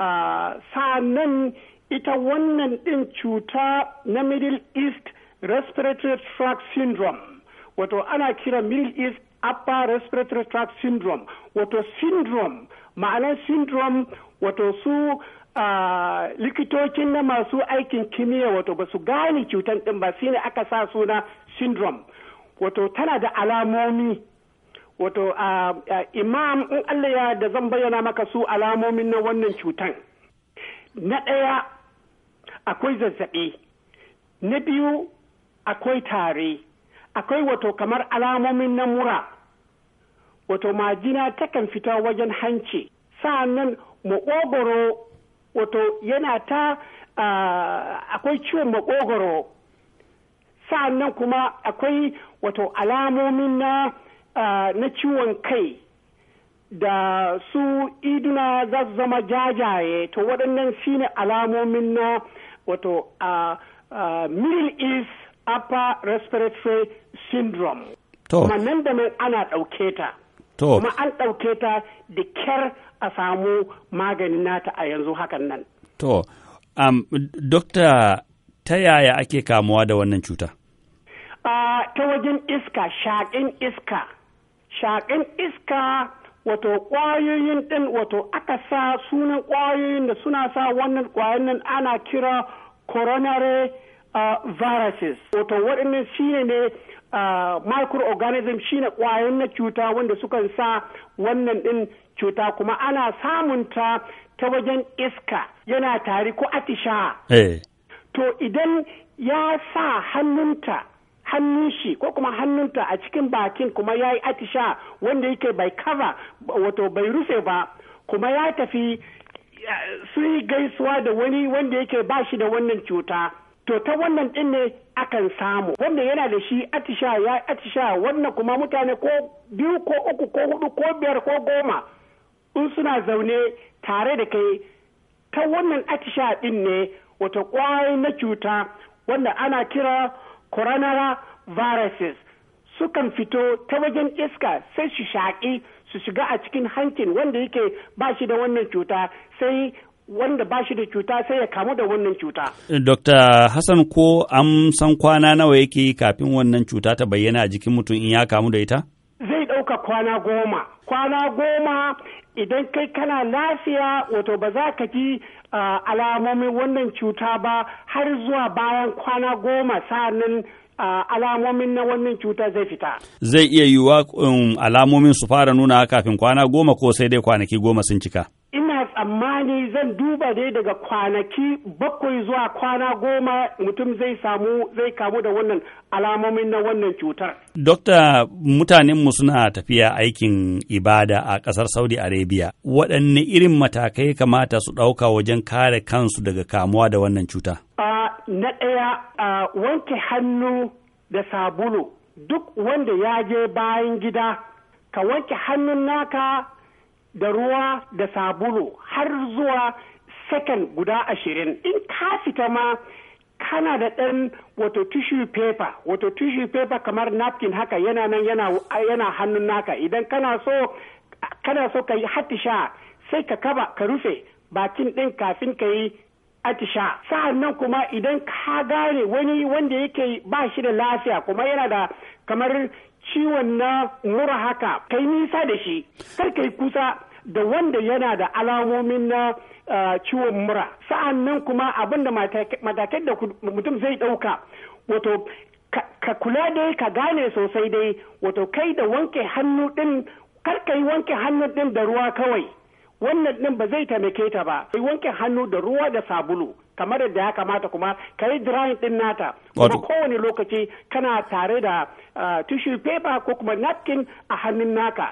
nan ita wannan ɗin cuta na middle east respiratory tract syndrome wato ana kira middle east upper respiratory tract syndrome wato syndrome ma'anar syndrome wato su Uh, likitocin na masu aikin kimiyya wato ba su gane cutan ɗin ba shine aka sa suna syndrome wato tana da alamomi wato imam in Allah ya da zan bayyana maka su alamomin na wannan cutan na ɗaya akwai zazzaɓi na biyu akwai tare akwai wato kamar alamomin na mura wato majina takan fita wajen hanci sa'annan maƙogoro wato yana ta akwai ciwon maƙogoro sa'annan kuma akwai wato alamomin na na ciwon kai da su iduna za su zama jajaye to waɗannan shi ne alamomin na wato a middle east upper respiratory syndrome to nan da nan ana ɗauke ta To kuma an ɗauke ta da kyar a samu maganin nata a yanzu hakan nan to um, dokta ta yaya ake kamuwa da wannan cuta uh, ta wajen iska shaƙin iska shaƙin iska wato ƙwayoyin ɗin wato aka sa sunan ƙwayoyin da suna sa wannan ƙwayoyin nan ana kira coronary uh, viruses wato waɗannan shi ne uh, microorganism ne ƙwayoyin na cuta wanda sukan sa wannan ɗin cuta kuma ana samunta ta wajen iska yana tari ko atisha hey. Eh. to idan ya sa hannunta hannun shi ko kuma hannunta a cikin bakin kuma ya yi atisha wanda yake bai kava wato bai rufe ba kuma ya tafi sun yi gaisuwa da wani wanda yake ba shi da wannan cuta to ta wannan din ne akan samu wanda yana da shi atisha ya atisha wannan kuma mutane ko biyu ko uku ko hudu ko biyar ko goma in suna zaune tare da kai ta wannan atisha din ne wata kwayoyi na cuta wanda ana kira coronavirus viruses sukan fito ta wajen iska sai su shaƙi su shiga a cikin hankin wanda yake ba shi da wannan cuta sai wanda ba shi da cuta sai ya kamu da wannan cuta. Dr. Hassan ko an san kwana nawa yake kafin wannan cuta ta bayyana a jikin mutum in ya kamu da ita? ɗauka kwana goma kwana goma idan kai kana lafiya wato ba za ka ji alamomin wannan cuta ba har zuwa bayan kwana goma sa'annan alamomin na wannan cuta zai fita zai iya yiwuwa um, alamomin su fara nuna kafin kwana goma ko sai dai kwanaki goma sun cika ina tsammani zan duba dai daga kwanaki bakwai zuwa kwana goma mutum zai samu zai kamu da wannan alamomin na wannan cutar. Dokta mutanenmu suna tafiya aikin ibada a ƙasar Saudi Arabia, waɗanne irin matakai kamata su ɗauka wajen kare kansu daga kamuwa da wannan cuta? na ɗaya uh, wanke hannu da sabulu duk wanda ya je bayan gida ka wanke hannun naka da ruwa da sabulu har zuwa second guda ashirin in ka fita ma kana da ɗan wato tissue paper wato tissue paper kamar napkin haka yana nan yana, yana hannun naka idan kana so kana so ka yi hatisha sai ka kaba ka rufe bakin ɗin kafin ka yi atisha sa'an nan kuma idan ka gane wani wanda yake ba shi da lafiya kuma yana da kamar ciwon na mura haka kai nisa da shi kar kai kusa da wanda yana da alamomin na uh, ciwon mura sa'an nan kuma abin da matakai da mutum zai ɗauka wato ka kula dai ka gane sosai dai wato kai da wanke hannu ɗin kar ka wanke hannu ɗin da ruwa kawai wannan din ba zai taimake ta ba kai wanke hannu da ruwa da sabulu kamar yadda ya kamata kuma ka yi drying din nata kuma kowane lokaci kana tare da ah, tissue paper ko kuma napkin a hannun naka